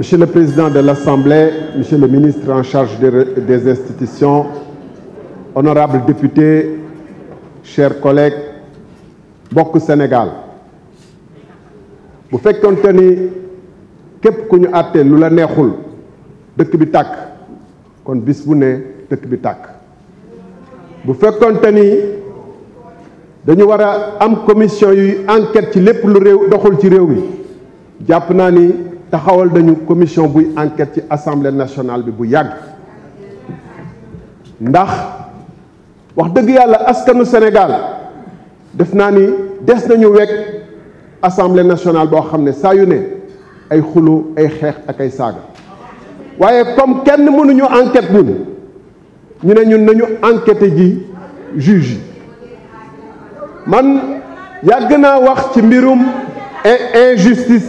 Monsieur le Président de l'Assemblée, Monsieur le Ministre en charge des institutions, honorables députés, chers collègues, bokk Sénégal Vous faites ni tenu que nous avons lu la neexul dëkk bi tàkk kon bis bu ne dëkk bi tàkk bu fekkonte ni dañu commission d'enquête enquête ci pour lu réew doxul taxawal nañu commission buy enquête ci assemblée nationale bi bu yàgg ndax wax dëgg yàlla askanu Sénégal def naa ni des nañu wekk assemblée nationale boo xam ne saa yu ne ay xuloo ay xeex ak ay saaga waaye comme kenn mënuñu enquête bu ñu ne ñun nañu enquêté ji juge man yàgg naa wax ci mbirum injustice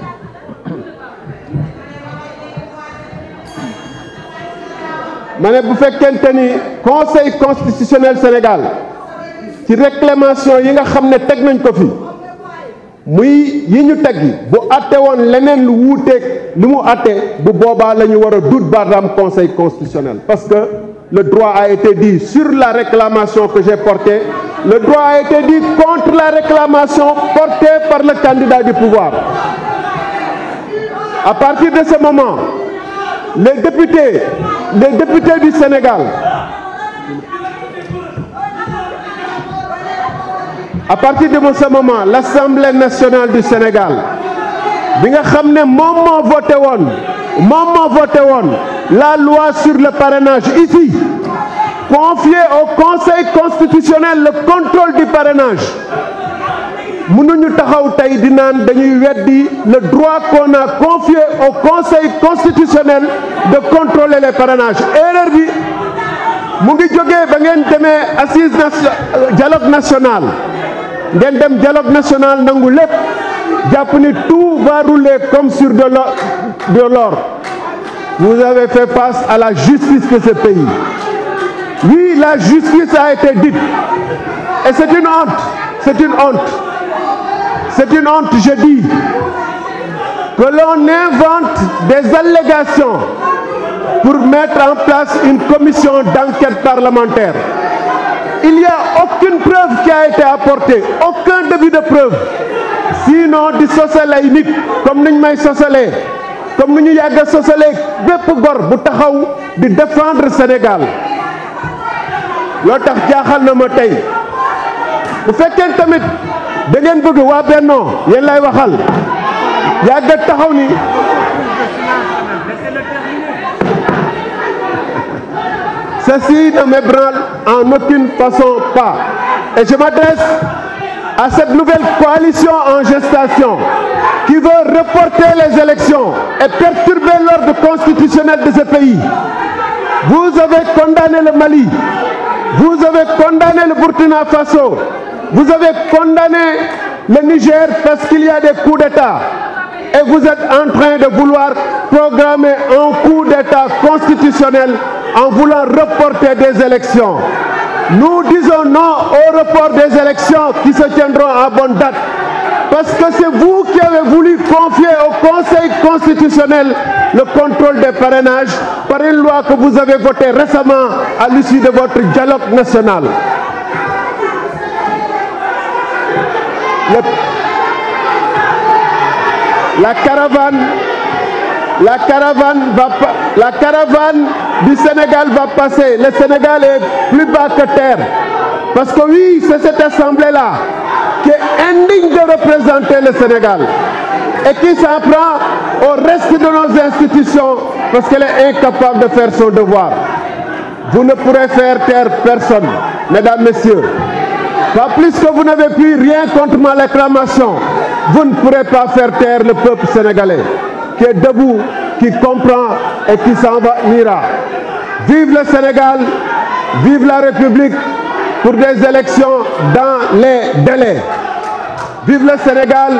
mané bu conseil constitutionnel Sénégal ci réclamation yi nga xamné ne nañ ko fi muy yi ñu teg bu atté won lenen lu wuuteeg li mu bu boba lañu wara war conseil constitutionnel parce que le droit a été dit sur la réclamation que j'ai portée le droit a été dit contre la réclamation portée par le candidat du pouvoir à partir de ce moment les députés des députés du Sénégal. À partir de ce moment, l'Assemblée nationale du Sénégal, bi voté la loi sur le parrainage ici confier au conseil constitutionnel le contrôle du parrainage nous avons le droit qu'on a confié au conseil constitutionnel de contrôler les parrainages Et bi mu vous ba assise dialogue national ngeen dialogue national nangu tout va rouler comme sur de l'or vous avez fait face à la justice de ce pays oui la justice a été dite et c'est une honte c'est une honte c'est une honte je dis que l'on invente des allégations pour mettre en place une commission d'enquête parlementaire. Il n'y a aucune preuve qui a été apportée, aucun début de preuve. Sinon, du unique, comme nous sommes comme nous sommes gor défendre Sénégal. Vous Vous faites na ceci ne m'ébranle en aucune façon pas et je m'adresse à cette nouvelle coalition en gestation qui veut reporter les élections et perturber l'ordre constitutionnel de ce pays. Vous avez condamné le Mali, vous avez condamné le Burkina Faso, vous avez condamné le Niger parce qu'il y a des coups d'État et vous êtes en train de vouloir programmer un coup d'État constitutionnel en voulant reporter des élections. Nous disons non au report des élections qui se tiendront à bonne date. Parce que c'est vous qui avez voulu confier au Conseil constitutionnel le contrôle des parrainages par une loi que vous avez votée récemment à l'issue de votre dialogue national. La caravane, la caravane, la caravane du Sénégal va passer. Le Sénégal est plus bas que terre. Parce que oui, c'est cette assemblée-là qui est indigne de représenter le Sénégal et qui s'apprend au reste de nos institutions parce qu'elle est incapable de faire son devoir. Vous ne pourrez faire taire personne, mesdames, messieurs. Pas plus que vous n'avez pu rien contre ma réclamation. Vous ne pourrez pas faire taire le peuple sénégalais qui est debout, qui comprend et qui s'en va ira. Vive le Sénégal, vive la République pour des élections dans les délais. Vive le Sénégal,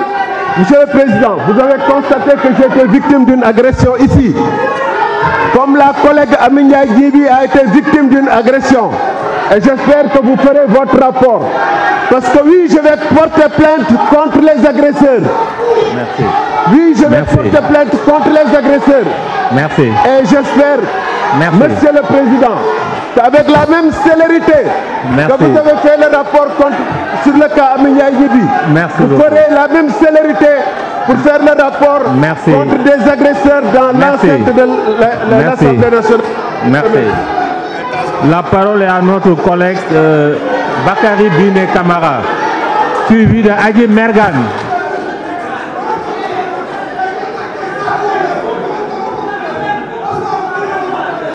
Monsieur le Président, vous avez constaté que j'étais victime d'une agression ici. Comme la collègue Aminia Gibi a été victime d'une agression, et j'espère que vous ferez votre rapport. Parce que oui, je vais porter plainte contre les agresseurs. Merci. Oui, je vais porter plainte contre les agresseurs. Merci. Et j'espère, Monsieur le Président, avec la même célérité que vous avez fait le rapport contre, sur le cas Aminia vous ferez la même célérité pour faire le rapport contre des agresseurs dans l'enceinte de l'Assemblée nationale. Merci. La parole est à notre collègue euh, Bakary Bakari Bine Kamara, suivi de Adi Mergan.